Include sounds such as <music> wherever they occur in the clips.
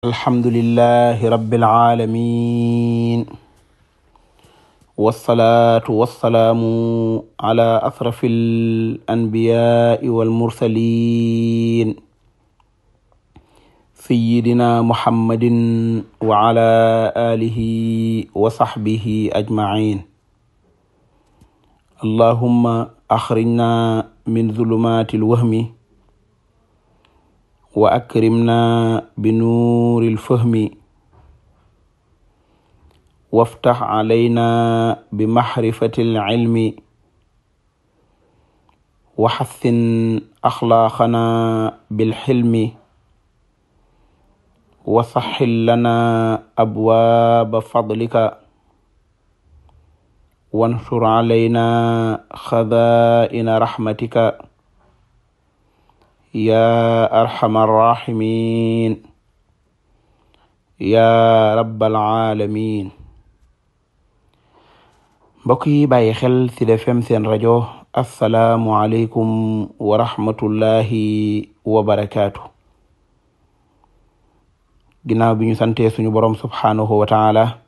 alhamdulilah rabbil caalamiin wasalaatu wasalaamu ala asrafil anbiyaa'i wal mursaliin sayyidina muhammadin wa ala aalihi wa saxbihi ajmaciin allahumma axrijnaa min zulumaatil wahmi wa akrimna bi nuuril fahmi waftax calayna bi maxrifatil cilmi wa xassin axlaaqana bil xilmi wa saxxil lana abwaaba fadlika wansur calayna xazaa'ina raxmatika yaa arxama arrahimin yaa rabbal alamin mbokk yi bàyyi xel ci Sud seen rajo asalaamualeykum wa rahmatullahi wa barakaatu ginnaaw bi ñu sante suñu borom subhaanahu wa taala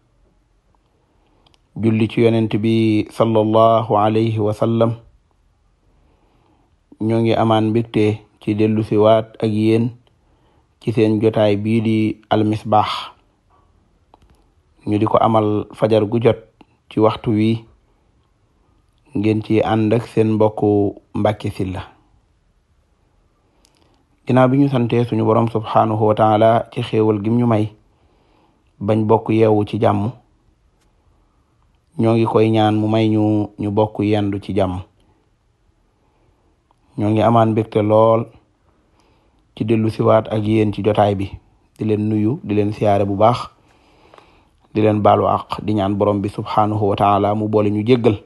julli ci yonent bi sallallahu alayhi wa sallam ñoo ngi amaan mbégte ci dellu si waat ak yéen ci seen jotaay bii di almisbaax ñu di ko amal fajar gu jot ci waxtu wi ngeen ci ànd ak seen mbokku Mbàkke Sylla ginnaaw bi ñu santee suñu borom subhaanahu wa taala ci xéewal gim ñu may bañ bokk yeewu ci jàmm ñoo ngi koy ñaan mu may ñu ñu bokk yendu ci jàmm ñoo ngi amaan mbégte lool ci dellu siwaat ak yéen ci jotaay bi di leen nuyu di leen siyaare bu baax di leen baalu àq di ñaan borom bi subhaanahu wa taala mu boole ñu jéggal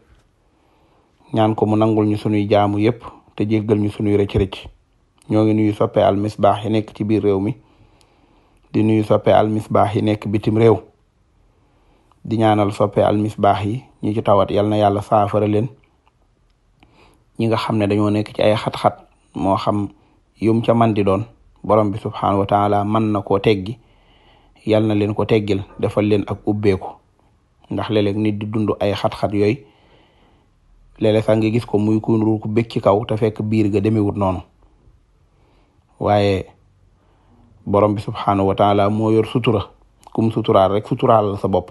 ñaan ko mu nangul ñu sunuy jaamu yépp te jéggal ñu sunuy rëcc-rëcc ñoo ngi nuyu soppee al misbaax yi nekk ci biir réew mi di nuyu soppe al misbaax yi nekk bitim réew di ñaanal soppee al misbaax yi ñu ci tawat yal na yàlla saafara leen ñi nga xam ne dañoo nekk ci ay xat-xat moo xam yum ca man di doon borom bi subhaanahu wa taala man na koo teggi yal na leen ko teggil defal leen ak ubbeeku ndax léeg-léeg nit di dund ay xat-xat yooyu léeg-léeg sax nga gis ko muy ku ruur ku bëgg ci kaw te fekk biir ga wut noonu waaye borom bi subhaanahu wa taala moo yor sutura kum suturaal rek suturaal la sa bopp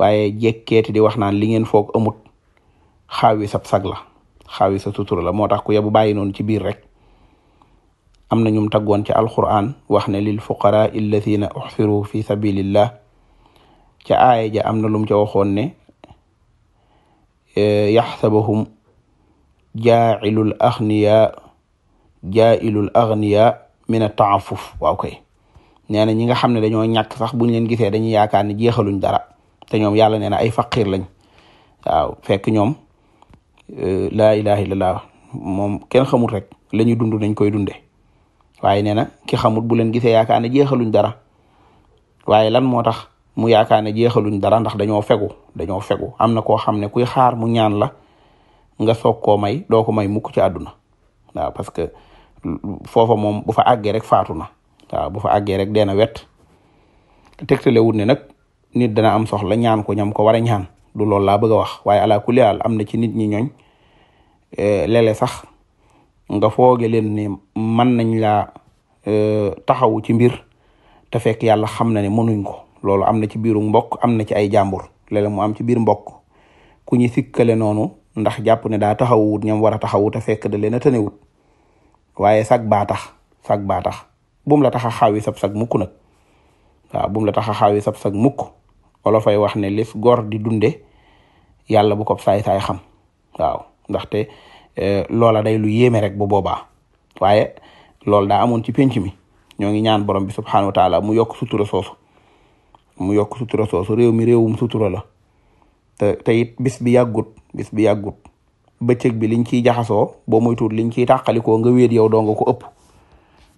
waaye jekkeeti di wax naan li ngeen foog amut xaawi sab sag la xawisa sutura la moo tax ku yebu bàyyi noonu ci biir rek am na ñum taggoon ci alquran wax ne lil fuqara alladina uxsiru fi sabilillah ca aaya ja am na lum ca waxoon ne e, yaxsabahum jaailul axniya jaailul axniya min a taafuf waaw kay nee ñi nga xam ne dañoo ñàkk sax buñ leen gisee dañuy yaakaar ne jeexaluñ dara te ñoom yàlla nee na ay faqir lañ waaw fekk ñoom Euh, laa ilaha illallah moom kenn xamul rek la ñuy dund nañ koy dunde waaye nee na ki xamut bu leen gisee yaakaar ne jeexaluñ dara waaye lan moo tax mu yaakaar ne jeexaluñ dara ndax dañoo fegu dañoo fegu am na koo xam ne kuy xaar mu ñaan la nga soog koo may doo ko may mukk ci àdduna waaw parce que foofa moom bu fa àggee rek faatu na bu fa àggee rek dee na wet te wut ne nag nit dana am soxla ñaan ko ñam ko war a ñaan du loolu laa bëgg a wax waaye ala kulli haal am na ci nit ñi ñooñ e, léeg sax nga fooge leen ne mën nañ laa e, taxawu ci mbir te fekk yàlla xam na ne mënuñ ko loolu am na ci biiru mbokk am na ci ay jàmbur léeg-léeg mu am ci biir mbokk ku ñu sikkale noonu ndax jàpp ne daa taxawu ñoom war a taxawu te fekk da leen a tene tënewut waaye sag baatax tax sag baa bum la tax a xaawi sab sag mukk nag waaw la tax a xaawi sab sag mukk wala wax ne lis gor di dunde yàlla bu ko saay-saay xam waaw ndaxte eh, loola day lu yéeme rek bu boobaa waaye loolu daa amoon ci penc mi ñoo ngi ñaan borom bi subxanahu wa taala mu yokk sutura soosu mu yokk sutura soosu réew mi réewum sutura la te te it bis bi yàggut bis bi yàggut bëccëg bi liñ ciy jaxasoo boo muy tuut liñ ciy tàqalikoo nga wéet yow dong ko ëpp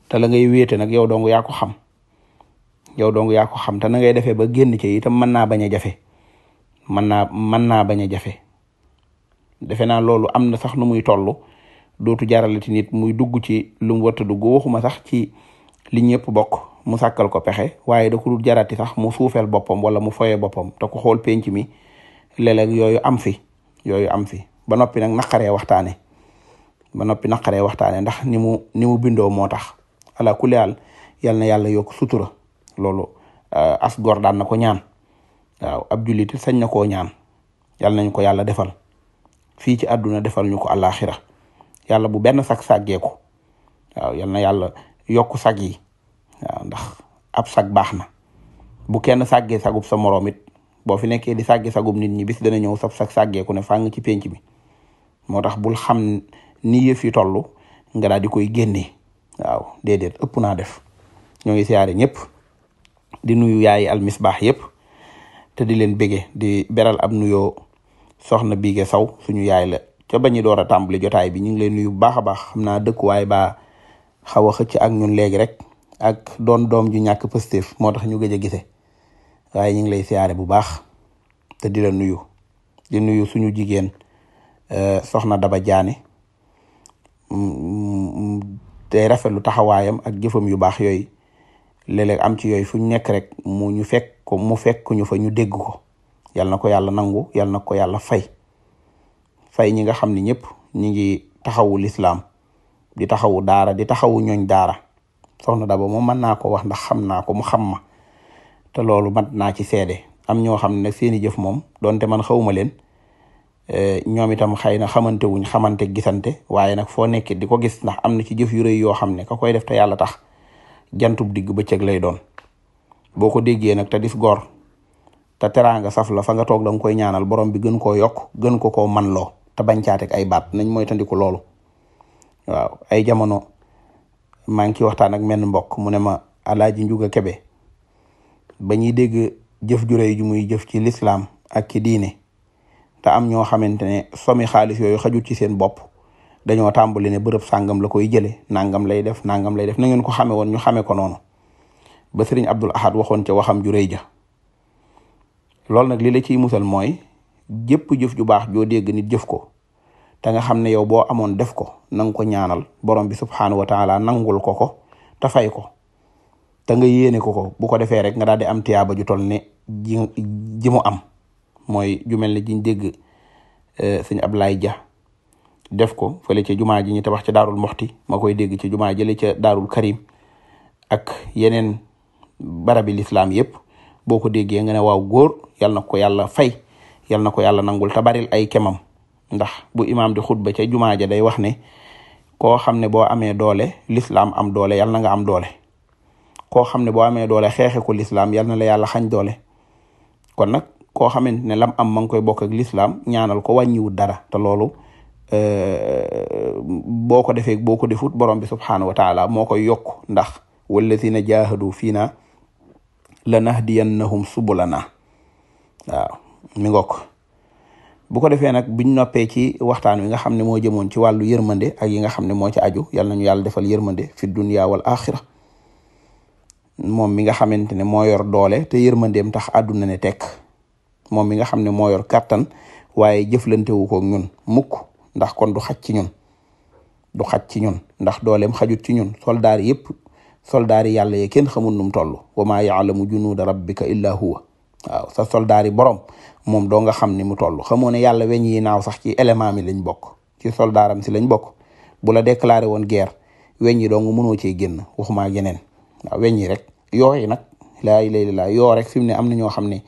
te la ngay wéete nag yow dong yaa ko xam yow dong yaa ko xam te na ngay defee ba génn ci itam mën naa bañ a jafe. mën naa mën naa bañ a jafe defe naa loolu am na sax nu muy toll dootu jaralati nit muy dugg ci lu mu warta dugg waxuma sax ci li ñëpp bokk mu sàkkal ko pexe waaye da jarati sax mu suufeel boppam wala mu foye boppam te ko xool penc mi léeg yooyu am fi yooyu am fi ba noppi nag naqaree waxtaane ba noppi naqaree waxtaane ndax ni mu ni bindoo moo tax ala kuleyal yal na yàlla yokk sutura loolu euh, as gor daan na ko ñaan waaw ab jullit sañ na koo ñaan yàlla nañu ko yàlla defal fii ci àdduna defal ñu ko àllaaxira yàlla bu benn sag sàggeeku waaw yal na yàlla yokk sag yi waaw ndax ab sag baax na bu kenn sàggee sagub sa moroom boo fi nekkee di sàggee sagub nit ñi bis dana ñëw sab sag sàggeeku ne fàng ci penc bi moo tax bul xam ni yëf yi toll nga daal di koy génnee waaw déedéet ëpp naa def ñoo ngi siyaare ñëpp di nuyu yaayi almisbaax yëpp te di leen bége di beral ab nuyoo soxna Biige Saw suñu yaay la ca bañu door a tàmbali jotaay bi ñu ngi leen nuyu bu baax a baax xam naa dëkkuwaay baa xaw a xëcc ak ñun léegi rek ak doon doom ju ñàkk positif moo tax ñu gëj a gise waaye ñu ngi lay siyaare bu baax te di la nuyu di nuyu suñu jigéen euh, soxna Daba Jaane mm, mm, tey rafetlu taxawaayam ak jëfam yu baax yooyu léeg-léeg am ci yooyu fu ñu rek mu ñu fekk ko mu fekkuñu fa ñu dégg ko yal na ko yàlla nangu yal na ko yàlla fay fay ñi nga xam ne ñëpp ñi ngi taxawu lislaam di taxawu daara di taxawu ñooñ daara soxna Daba moom mën naa ko wax ndax xam naa ko mu xam ma te loolu mat naa ci seede am ñoo xam ne nag seeni jëf moom donte man xawuma leen eh, ñoom itam xëy na xamante wuñ xamante gisante waaye nag foo nekkee di ko gis ndax am na ci jëf yu rëy yoo xam ne ka koy def te yàlla tax jantub digg bëccëg lay doon boo ko déggee nag te dif gor te teraanga saf la fa nga toog da koy ñaanal borom bi gën koo yokk gën ko koo man loo te bañ caateeg ay baat nañ mooy tandiku loolu waaw ay jamono maa ngi ciy waxtaan ak menn mbokk mu ne ma alaaji njuga kebe ba ñuy dégg jëf ju ju muy jëf ci lislaam ak ci diine te am ñoo xamante ne somi xaalis yooyu xajut ci seen bopp dañoo tàmbali ne bërëb sàngam la koy jële nangam lay def nangam lay def na ngeen ko xame woon ñu xame ko noonu ba sëriñ Abdul Ahad waxoon ca waxam ju rëy ja loolu nag li la ciy musal mooy jëpp jëf ju baax joo dégg nit jëf ko te nga xam ne yow boo amoon def ko na ko ñaanal borom bi subxanahu wa taala nangul ko ko te fay ko te nga yéene ko ko bu ko defee rek nga daal di am tiyaaba ju toll ne ji mu am mooy ju mel ne jiñ dégg e, sëñ Ablaye Ja def ko fële ca jumaa ji ñu wax ca daarul moxti ma koy dégg ca jumaa jële ca daarul karim ak yeneen barabi lislaam yëpp boo ko déggee nga ne waaw góor yal na ko yàlla fay yal na ko yàlla nangul ta baril ay kemam ndax bu imaam di xutba ca jumaa ja day wax ne koo xam ne boo amee doole lislaam am doole yal na nga am doole koo xam ne boo amee doole xeexe ko lislaam yal na la yàlla xañ doole kon nag koo xamante ne lam am ma ngi koy bokk ak lislaam ñaanal ko wàññiwut dara te loolu euh, boo ko defee boo ko defut borom bi subhaanahu wa moo koy yokk ndax wallazina jaahadu fiina naxum subulana waaw mi ngook bu ko defee nag buñ noppee ci waxtaan wi nga xam ne moo jëmoon ci wàllu yërmande ak yi nga xam ne moo ci aju yal nañu yàlla defal yërmande fi dunya wal axira moom mi nga xamante ne moo yor doole te yërmandeem tax àdduna ne tekk moom mi nga xam ne moo yor kàttan waaye jëflante ko ñun mukk ndax kon du xaj ci ñun du xaj ci ñun ndax dooleem xajut ci ñun soldaar yi yàlla ye kenn xamul num toll wa maa yaalamu junuuda rabbika illa huwa waaw sa soldaari yi borom moom doo nga xam ni mu toll xamoo ne yàlla weñ naaw sax ci élément mi lañ bokk ci soldaaram si lañ bokk bu la déclaré woon guerre weñ yi dong mënoo cee génn waxumaa geneen waaw rek yooyu nag laa ilaha yoo rek fi mu ne am na ñoo xam ne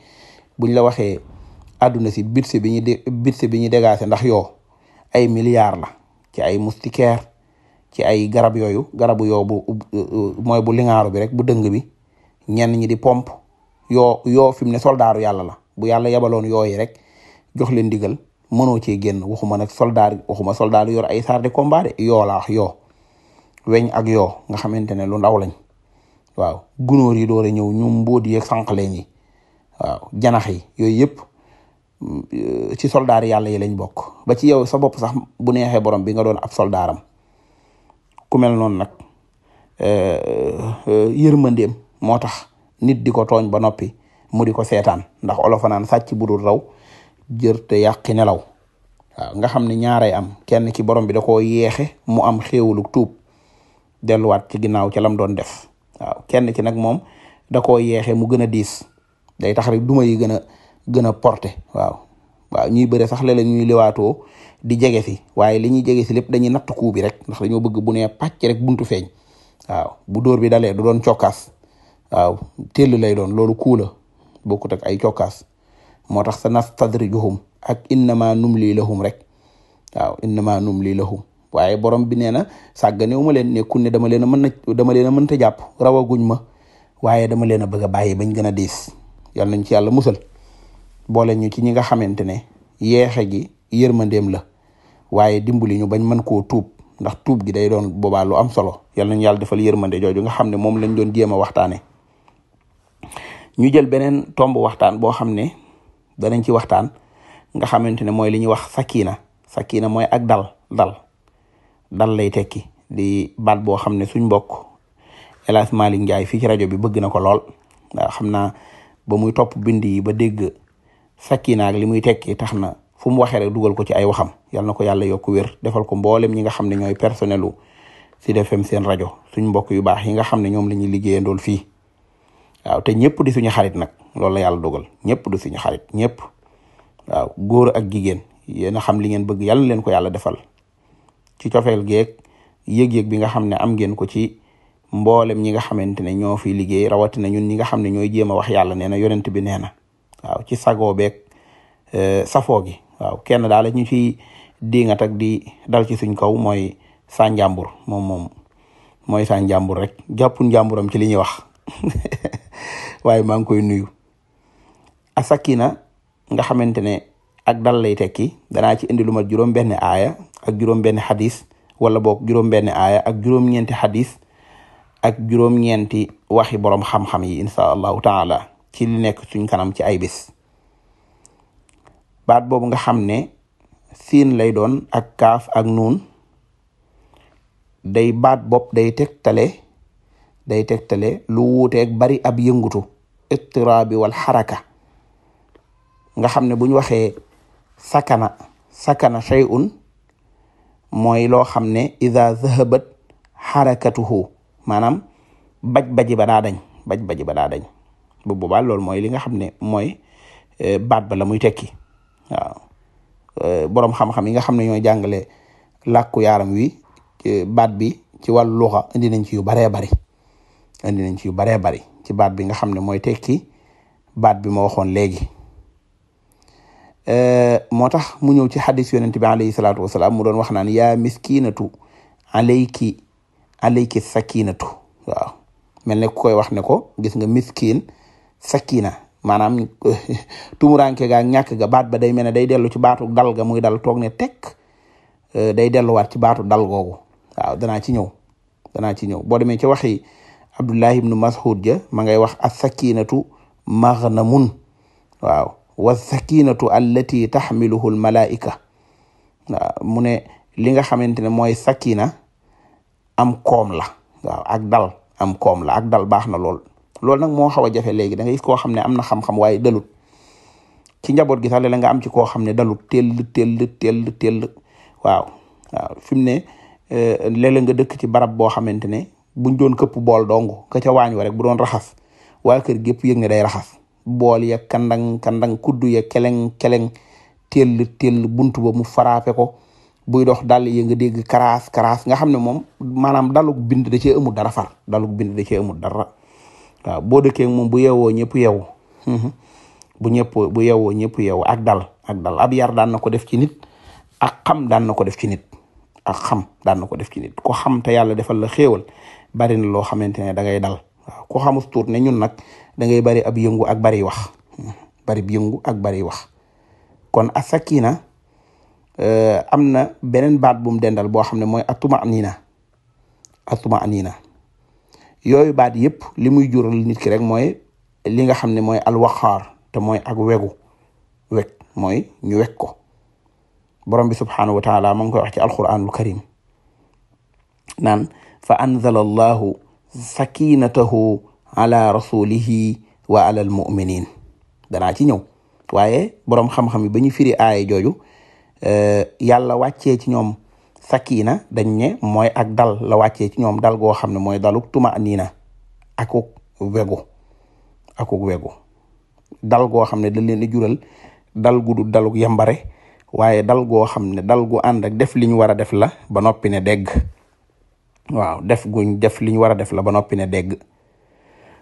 buñ la waxee àdduna si budget bi ñu budget bi ndax yoo ay milliards la ci ay moustiquaires ci ay garab yooyu garabu yoo bu mooy bu lingaaru bi rek bu dëng bi ñenn ñi di pomp yoo yoo fi mu ne soldaar yàlla la bu yàlla yebaloon yooyu rek jox leen digal mënoo cee génn waxuma nag soldaar waxuma soldaar yor ay chars de combat de yoo la yoo weñ ak yoo nga xamante ne lu ndaw lañ waaw gunóor yi doore ñëw ñu mbóot yeeg sànqale ñi waaw janax yi yooyu yëpp ci soldaar yàlla yi lañ bokk ba ci yow sa bopp sax bu neexee borom bi nga doon ab soldaaram ku mel noonu nag eh, eh, yërmandeem moo tax nit di ko tooñ ba noppi mu di ko seetaan ndax olofanaan naan sàcc bu dul raw jër te yàqi nelaw nga xam ne ñaaray am kenn ki borom bi da koo yeexe mu am xéewaluk tuub delluwaat ci ginnaaw ca lam doon def waaw kenn ki nag moom da ko yeexe mu gën a diis day tax rek duma yi gën a gën a porté waaw waaw sax léeg ñuy liwaatoo di jege si waaye li ñuy jege si lépp dañuy natt kuu bi rek ndax dañoo bëgg bu nee pàcc rek buntu feeñ waaw bu dóor bi dalee du doon cokkaas waaw teel lay doon loolu kuu la bokkut ak ay cokkaas moo tax sa nastadrijuhum ak innama numli lahum rek waaw innama numli lahum waaye borom bi nee na sàgganewu ma leen nekkul ne dama leen a mën na dama leen a mënta jàpp rawaguñ ma waaye dama leen a bëgg a bàyyi bañ gën a diis yal nañ ci yàlla musal boole ñu ci ñi nga xamante ne yeexe gi yërmandeem la waaye dimbali ñu bañ mën koo tuub ndax tuub gi day doon boobaa lu am solo yal nañu yàlla defal yërmande jooju nga xam ne moom lañ doon jéem a ñu jël beneen tomb waxtaan boo xam ne danañ ci waxtaan nga xamante ne mooy li ñuy wax sakina sakina mooy ak dal dal dal lay tekki di baat boo xam ne suñ mbokk El Hadj Malick Ndiaye fii ci rajo bi bëgg na ko lool xam na ba muy topp bind yi ba dégg sakina li muy tekki tax na fu mu waxee rek dugal ko ci ay waxam yal na ko yàlla yokku wér defal ko mboolem ñi nga xam ne ñooy personnelu Sud FM seen rajo suñ mbokk yu baax yi nga xam ne ñoom la ñuy liggéeyandool fii te ñëpp di suñu xarit nag loolu la yàlla dogal ñëpp di suñu xarit ñëpp waaw góor ak jigéen yéen a xam li ngeen bëgg yàlla leen ko yàlla defal ci cofeel geeg yëg-yëg bi nga xam ne am ngeen ko ci mboolem ñi nga xamante ne ñoo fi liggéey rawatina ñun ñi nga xam ne ñooy jéem a wax yàlla nee na yonent bi nee na ci sagoo beeg eh, safoo gi waaw kenn daal ñu ciy diingat ak di dal ci suñ kaw mooy saa njàmbur moom moom mooy saa njàmbur rek jàppun njàmburam ci li ñuy wax <laughs> waaye maa ngi koy nuyu asakina nga xamante ne ak dal lay tekki danaa ci indi lu mat juróom aaya ak juróom benn xadis wala bok juróom benn aaya ak juróom-ñeenti xadis ak juróom-ñeenti waxi borom xam-xam yi incha allahu taala ci li nekk suñ kanam ci ay bis baat boobu nga xam ne siin lay doon ak kaaf ak nun day baat bopp day tegtale day tegtale lu wuuteeg bari ab yëngutu ittiraabi wal xaraka nga xam ne buñ ñu waxee sakana sakana shay'un mooy loo xam ne ida zahabat xarakatuhu maanaam baj-baji ba daa dañ baj-baji ba daa dañ loolu mooy li nga xam ne mooy eh, baat ba la muy tekki waaw euh, boroom xam-xam yi nga xam ne ñooy jàngale lakku yaaram wi baat bi ci wàllu luxa indi nañ ci yu baree bari indi nañ ci yu baree bari ci baat bi nga xam ne mooy tekki baat bi moo waxoon léegi euh, moo tax mu ñëw ci xadis yonent bi alayhi salaatu wasalaam mu doon wax naan yaa miskinatu alayki alayki sakinatu waaw mel ne ku koy wax ne ko gis nga miskin sakina maanaam <laughs> tumuranke ga ñàkk ga baat ba day mel ne day dellu ci baatu dal ga muy dal toog ne tekk euh, day delluwaat ci baatu dal googu waaw danaa ci ñëw danaa ci ñëw boo demee ci waxi abdullahi ibnu mas'ud ja ma ngay wax assakinatu maghnamun waaw wa sakinatu allati taxmiluhu al malaika waaw mu ne li nga xamante ne mooy sakina am koom la waaw ak dal am koom la ak dal baax na lool loolu nag moo xaw a jafe léegi da nga gis koo xam ne am na xam-xam waaye dalut ci njaboot gi sax la nga am ci koo xam ne dalut tell tell tell tell waaw mu ne eh, léeg-léeg nga dëkk ci barab boo xamante ne buñ doon këpp bool dong ka ca waañ wa rek bu doon raxas waa kër gépp yëg ne day raxas bool ya kandang kandang kuddu ya keleng keleng tell tell buntu ba mu faraape ko buy dox dal ya nga dégg karaas karaas nga xam ne moom maanaam daluk bind da cee amul dara far daluk bind da cee amul dara waaw boo dëkkee moom bu yeewoo ñëpp yeewu mhm. bu ñëpp bu yeewoo ñëpp yeewu ak dal ak dal ab yar daan na ko def ci nit ak xam daan na ko def ci nit ak xam daan na ko def ci nit ko xam te yàlla defal la xéewal bari na loo xamante ne da dal waaw ko xamut tuut ne ñun nag dangay bari ab yëngu ak bari wax mhm. bari yëngu ak bari wax kon asakina euh, am na beneen baat bu mu dendal boo xam ne mooy atuma anina atuma anina yooyu baat yépp li muy jural nit ki rek mooy li nga xam ne mooy alwaxaar te mooy ak wegu weg mooy ñu weg ko borom bi subhanahu wa taala ma ngi koy wax ci alquranul karim naan fa anzala allahu sakinatahu ala rasulihi wa ala almuminin danaa ci ñëw waaye boroom xam-xam yi ba ñu firi aaya jooju eh, yàlla wàccee ci ñoom sakina dañ ne mooy ak dal la wàccee ci ñoom dal goo xam ne mooy daluk tuma niina akuk wegu akuk wegu dal goo xam ne dañ leen di jural dal gu du daluk yambare waaye dal goo xam ne dal gu ànd ak def li ñu war a def la ba noppi ne dégg waaw def guñ def li ñu war a def la ba noppi ne dégg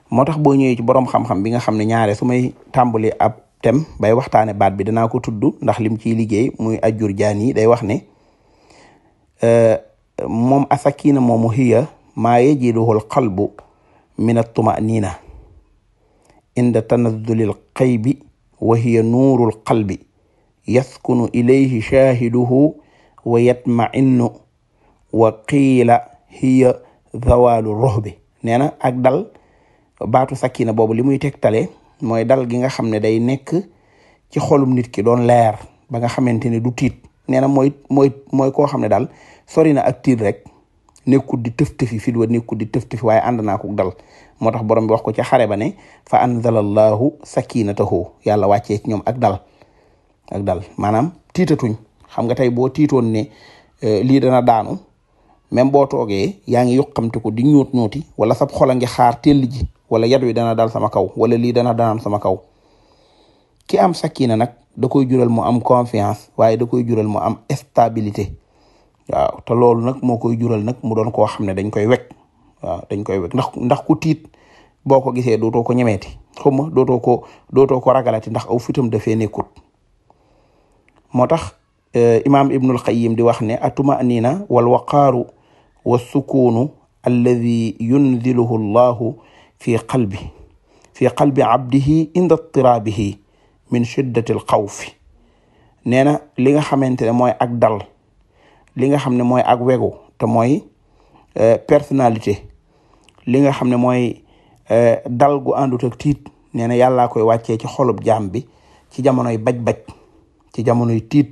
moo tax boo ñëwee ci borom xam-xam bi nga xam ne ñaare su may tàmbali ab tem bay waxtaane baat bi danaa ko tudd ndax lim ciy liggéey muy ajur jaan yi day wax ne Eh, moom asakina moomu hiya maa yajiduhu alqalbu min altumanina inda tanazuli alqaybi wa hiya nuuru alqalbi yaskunu ilayhi shaahiduhu wa yatmainu wa qiila hiya zawaalu ruhbi nee na ak dal baatu sakina boobu li muy tegtale mooy dal gi nga xam ne day nekk ci xolum nit ki doon leer ba nga xamante ne du tiit nee na mooy mooy mooy koo xam ne daal sori na ak rek nekkul di tëftëfi fi wa nekkul di tëftëfi waaye ànd naa ko dal moo tax borom bi wax ko ci xare ba ne fa anzalallahu sakinatahu yàlla wàccee ci ñoom ak dal ak dal maanaam tiitatuñ xam nga tey boo tiitoon ne eh, lii dana daanu même boo toogee yaa ngi yoqamte ko di ñuut ñuuti wala sab xol a ngi xaar tell ji wala yat wi dana dal sama kaw wala lii dana daan sama kaw ki am sakina nag da koy jural mu am confiance waaye da koy jural mu am stabilité waaw te loolu nag moo koy jural nag mu doon koo xam ne dañ koy wekk waaw dañ koy wekk ndax ndax ku tiit boo ko gisee dootoo ko ñemeeti xaw ma dootoo ko dootoo ko ragalati ndax aw fitam dafee nekkut moo tax euh, imaam ibnul qayyim di wax ne attumanina wal waqaaru wa sukuunu alladi yunziluhu llahu fi qalbi fi qalbi abdihi inda tiraabihi min shiddatil xawfi nee na li nga xamante ne mooy ag dal li nga xam ne mooy ag wegu te mooy euh, personnalité li nga xam ne mooy euh, dal gu àndut ak tiit nee na yàllaa koy wàccee ci xolub jaam bi ci jamonoy baj-baj ci jamonoy tiit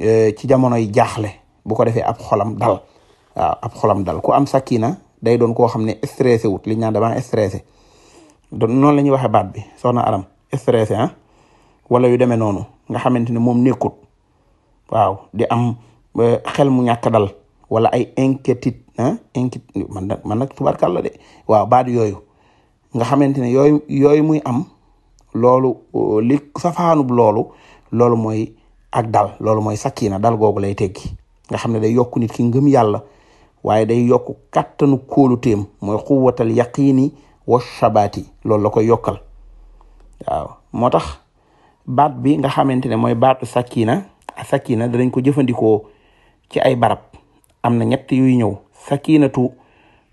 euh, ci jamonoy jaaxle bu ko defee ab xolam dal waaw ab xolam dal ku am sakina day doon koo xam ne stressé wut li ñu naan dama stressé noonu la ñuy waxee baat bi soxna aram stressé ah wala yu demee noonu nga xamante ne moom nekkut waaw di am eh, xel mu ñàkk dal wala ay inquiétude ah inquiétude man nag man nag de waaw baat yooyu nga xamante ne yooyu yooyu muy am loolu eh, li safaanub loolu loolu mooy ak dal loolu mooy sakkiina dal googu lay teggi nga xam ne day yokk nit ki ngëm yàlla waaye day yokk kattanu kóolu téem mooy xuwatal yaqiini wa shabaati loolu la koy yokkal waaw moo tax baat bi nga xamante ne mooy baatu sakina sakina danañ ko jëfandikoo ci ay barab am na ñett yuy ñëw sakinatu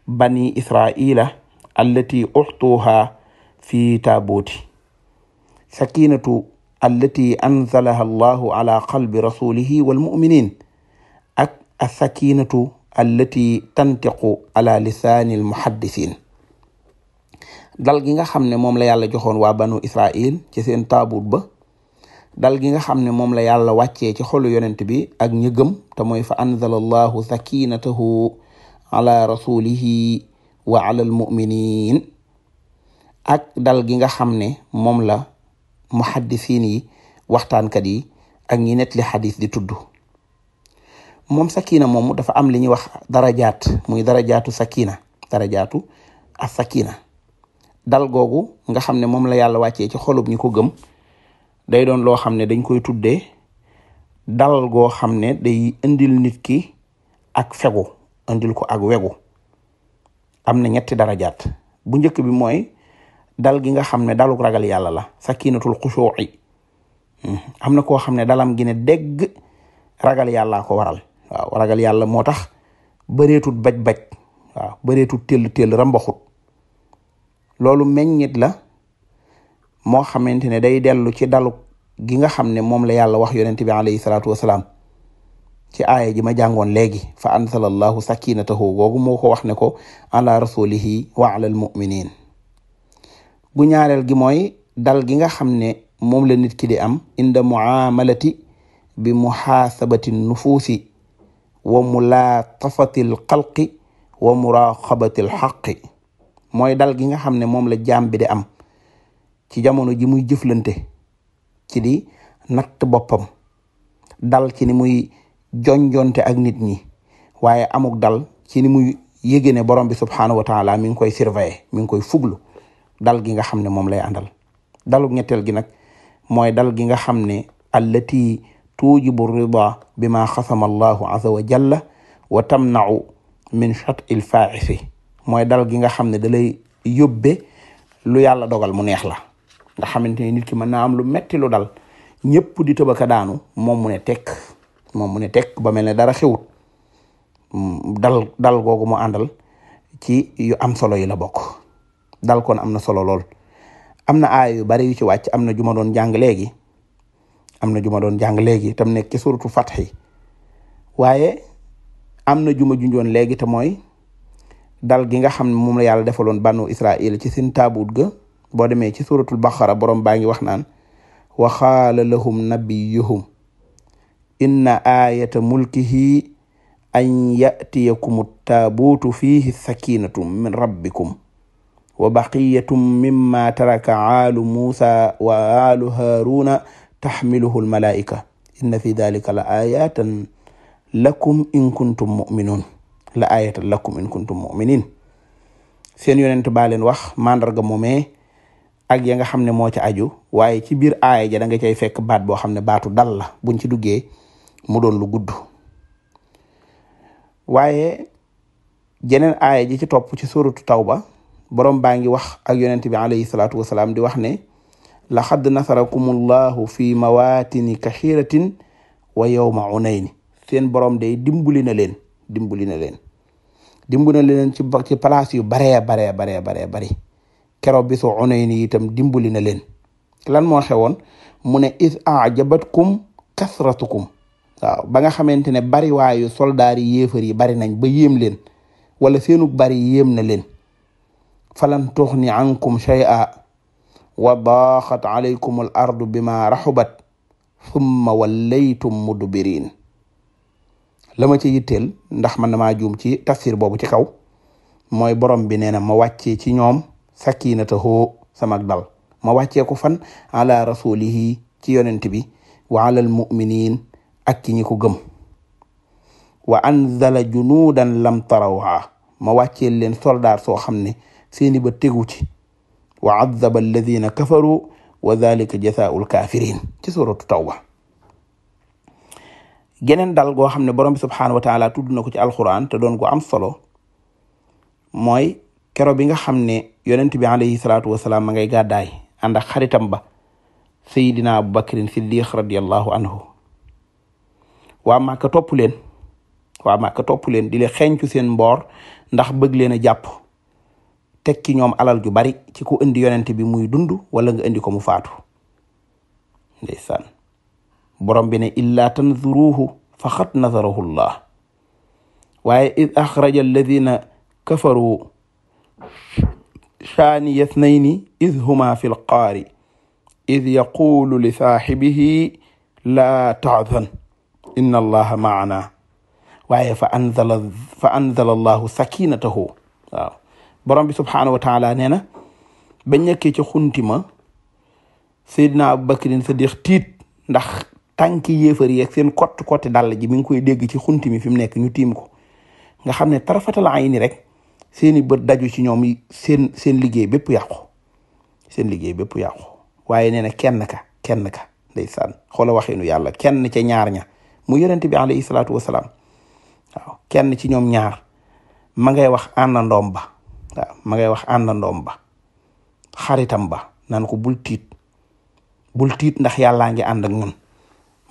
bani israila allati uxtuha fi taabuuti sakinatu allati anzalaha allahu ala qalbi rasulihi wal muminin ak asakinatu allati tantiqu ala lisaani gi nga xam ne moom la yàlla joxoon waa banu israil ci seen taabuut ba dal gi nga xam ne moom la yàlla wàccee ci xolu yonent bi ak ñi gëm te mooy fa anzala allahu sakinatahu ala rasulihi wa ala almuminin ak dal gi nga xam ne moom la muhaddisiin yi waxtaankat yi ak ñi nettali xadis di tudd moom sakina moomu dafa am li ñuy wax darajaat muy darajaatu sakina darajaatu as sakina dal googu nga xam ne moom la yàlla wàccee ci xolub ñi ko gëm day doon loo xam ne dañ koy tudde dal goo xam ne day indil nit ki ak fegu indil ko ak wegu am na ñetti dara darajaat bu njëkk bi mooy dal gi nga xam ne daluk ragal yàlla la sakinatul xushuuci hmm. am na koo xam ne dalam gi ne dégg ragal yàllaa ko waral waaw ragal yàlla moo tax bëreetut baj-baj waaw bëreetut tell tell rambaxut loolu meññit la moo xamante ne day dellu ci dalu gi nga xam ne moom la yàlla wax yonent bi alayhi salaatu wasalaam ci aaya ji ma jàngoon léegi fa ansala allahu sakinatahu googu moo ko wax ne ko ala rasulihi wa ala al muminin bu ñaareel gi mooy dal gi nga xam ne moom la nit ki di am inda muamalati bi muhaasabati nufuusi wa mulaatafati l xalqi wa muraqabati l xaqi mooy dal gi nga xam ne moom la jaam bi di am ci jamono ji muy jëflante ci di natt boppam dal ci ni muy jonjonte ak nit ñi waaye amuk dal ci ni muy yëge ne borom bi subhanahu wa taala mi ngi koy surveiller mi ngi koy fuglu dal gi nga xam ne moom lay àndal daluk ñetteel gi nag mooy dal gi nga xam ne allati tujibu rida bi ma xasama allahu aza wa jalla wa tamnau min chatil faisi mooy dal gi nga xam ne dalay yóbbe lu yàlla dogal mu neex la nga ne nit ci mën naa am lu metti lu dal ñëpp di tëbaka daanu moom mu ne tekk moom mu ne tekk ba mel ne dara xewut dal dal googu mu àndal ci yu am solo yi la bokk dal kon am na solo lool am na aaya yu bari yu ci wàcc am na ju ma doon jàng léegi am na ju ma doon jàng léegi tam nekk ci suratu fatxi waaye am na juma ma junjoon léegi te mooy dal gi nga xam ne moom la yàlla defaloon banu Israil ci seen taabut ga boo demee ci suratul baqara borom baa ngi wax naan wa xaala lahum nabiyuhum inna aayata mulkihi an yatiyakum taabuutu fiihi sakinatu min rabbikum wa mimma taraka aalu muusa wa aalu haaruna almalaika inna fi dalika la aayatan lakum in kuntum muminun la aayatan lakum in kuntum muminin seen yonent wax mandarga moomee ak ya nga xam ne moo ca aju waaye ci biir aaya ja nga cay fekk baat boo xam ne baatu dal la buñ ci duggee mu doon lu gudd waaye jeneen aaya ji ci topp ci suratu tawba borom baa ngi wax ak yonent bi alayhi salaatu wasalaam di wax ne laxad nasarakumullahu fi mawaatini kaxiiratin wa yowma unayni seen borom day dimbali na leen dimbali na leen dimbali na leen ci ci yu baree baree baree baree keroog bisu Unayni itam dimbali na leen lan moo xewoon mu ne is ajabatkum kasratukum waaw ba nga xamante ne bari waayu soldaar yi yi bari nañ ba yéem leen wala seenu bari yéem na leen falan tuxni ankum shay'a wa daaxat alaykum al ardu bima raxubat summa wallaytum mudbirin la ma ndax man damaa juum ci tafsir boobu ci kaw mooy borom bi nee na ma wàccee ci ñoom sakinatahu samak dal ma wàccee ko fan ala rasulihi ci yonent bi wa ala almuminin ak ci ñi ko gëm wa anzala junuudan lam tarawha ma wàccee leen soldaar soo xam ne seeni ba tegu ci wa azaba alladina kafaru wa dalika jasaa'ul kafirin ci suratu tawba geneen dal goo xam ne borom bi subhanahu wa na ko ci alquran te doon gu am solo mooy kero bi nga xam ne yonent bi alayhi salaatu wasalaam ma ngay gàddaay ànd xaritam ba sayidina abu bakrin siddiq radiallahu anhu waa màkka topp leen waa màkka topp leen di leen xeeñcu seen mboor ndax bëgg leen a jàpp teg ci ñoom alal ju bari ci ku indi yonent bi muy dund wala nga indi ko mu faatu ndeysaan borom bi ne illaa tanzuruhu faqad faxat llah waaye id axraja alladina kafaru saaniya thnayni id huma fi lqaari id yaquulu li saaxibihi laa taxzan inna allaha maana waaye fa anzala fa anzala allahu sakinatahu waaw borom bi subhaanahu wa taala nee na ba ñekkee ci xunti ma Seydina Abubakrin Sadiq tiit ndax tànki yéefar yi ak seen kott kotti dàll ji mi ngi koy dégg ci xunti mi fi mu nekk ñu tiim ko nga xam ne tarafatal ayni rek seeni bët daju ci ñoom seen seen liggéey bépp yàqu seen liggéey bépp yàqu waaye nee na kenn ka kenn ka ndeysaan xoola waxinu yàlla kenn ca ñaar mu yonent bi alayhi salaatu wasalaam waaw kenn ci ñoom ñaar ma ngay wax àndandoom ba ma ngay wax àndandoom ba xaritam ba naan ko bul tiit bul tiit ndax yàllaa ngi ànd ak ñun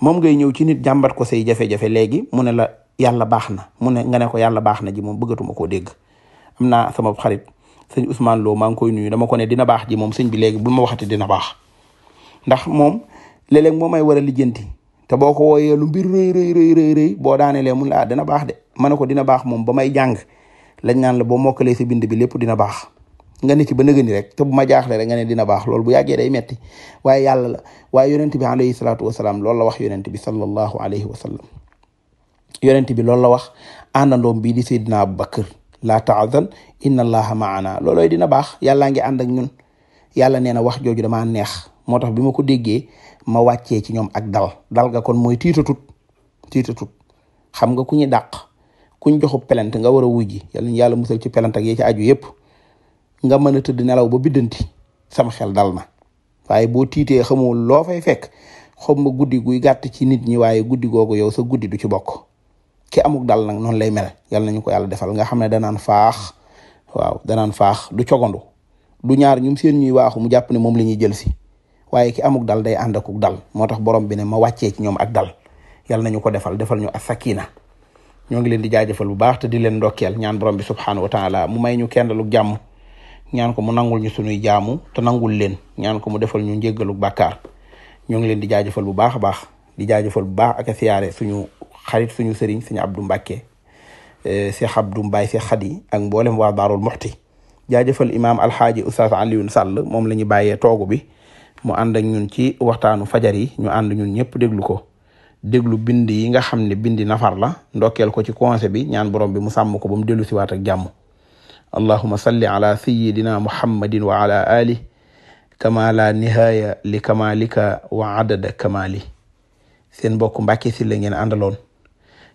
moom ngay ñëw ci nit jàmbat ko say jafe-jafe léegi mu ne la yàlla baax na mu ne nga ne ko yàlla baax na ji moom bëggatuma koo dégg am naa sama xarit sëñ Ousmane Lo maa ngi koy nuyu dama ko ne dina baax ji moom sëñ bi léegi bu ma waxati dina baax ndax moom léeg-léeg moo may war a lijjanti te boo ko wooyee lu mbir rëy rëy rëy rëy rëy boo daanelee mun la ah dana baax de ma ne ko dina baax moom ba may jàng lañ naan la boo mokkalee sa bind bi lépp dina baax nga ne ci ba nëgëni rek te bu ma jaaxle rek nga dina baax loolu bu yàggee day metti waaye yàlla la waaye yonent bi alayhi salaatu wasalaam loolu la wax yonent bi sallallahu alayhi wa sallam yonent bi loolu la wax àndandoom bii di Seydina Abubakar laa taadan inna allaha maana loolooy dina baax yàllaa ngi ànd ak ñun yàlla nee na wax jooju damaa neex moo tax bi ma ko déggee ma wàccee ci ñoom ak dal dal ga kon mooy tiitatut tiitatut xam nga ku ñu dàq kuñ joxu pelante nga war a wujji yàlla ñu yàlla musal ci pelante ak yee ci aju yépp nga mën a tëdd nelaw ba biddanti sama xel dal na waaye boo tiitee xamul loo fay fekk xam ma guddi guy gàtt ci nit ñi waaye guddi googu yow sa guddi du ci bokk ki amuk dal nag noonu lay mel yal nañu ko yàlla defal nga xam ne danaan faax waaw danaan faax du cogandu du ñaar ñum seen ñuy waaxu mu jàpp ne moom la ñuy jël si waaye ki amuk dal day ànd akuk dal moo tax borom bi ne ma wàccee ci ñoom ak dal yal ñu ko defal defal ñu asakina ñoo ngi leen di jaajëfal bu baax te di leen ndokkeel ñaan borom bi subhanahu wa taala mu may ñu kendaluk jàmm ñaan ko mu nangul ñu suñuy jaamu te nangul leen ñaan ko mu defal ñu njéggaluk bàkkaar ñoo ngi leen di jaajëfal bu baax a baax di jaajëfal bu baax ak suñu xarit suñu seriñ sëriñ sëñ Abdou Mbacke eh, Cheikh Abdou Mbaye Cheikh Khady ak mboolem waa Daarul Muxti jaajëfal imaam alxaaji Oustaz Alioune Sall moom la ñu bàyyee toogu bi mu ànd ak ñun ci waxtaanu fajar yi ñu ànd ñun ñëpp déglu ko déglu bind yi nga xam ne bindi nafar la ndokkeel ko ci conseil bi ñaan borom bi mu sàmm ko ba mu dellu siwaat ak jàmm allahuma salli ala sayidina muhammadin wa ala ali kama la nihaaya li kamalika wa adada kamali seen mbokk Mbàkke si la ngeen àndaloon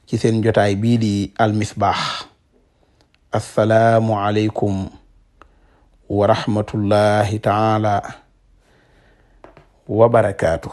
ci seen jotaay bii di Al Misbah assalaamu aleykum wa rahmatullahi taala wa barakaatu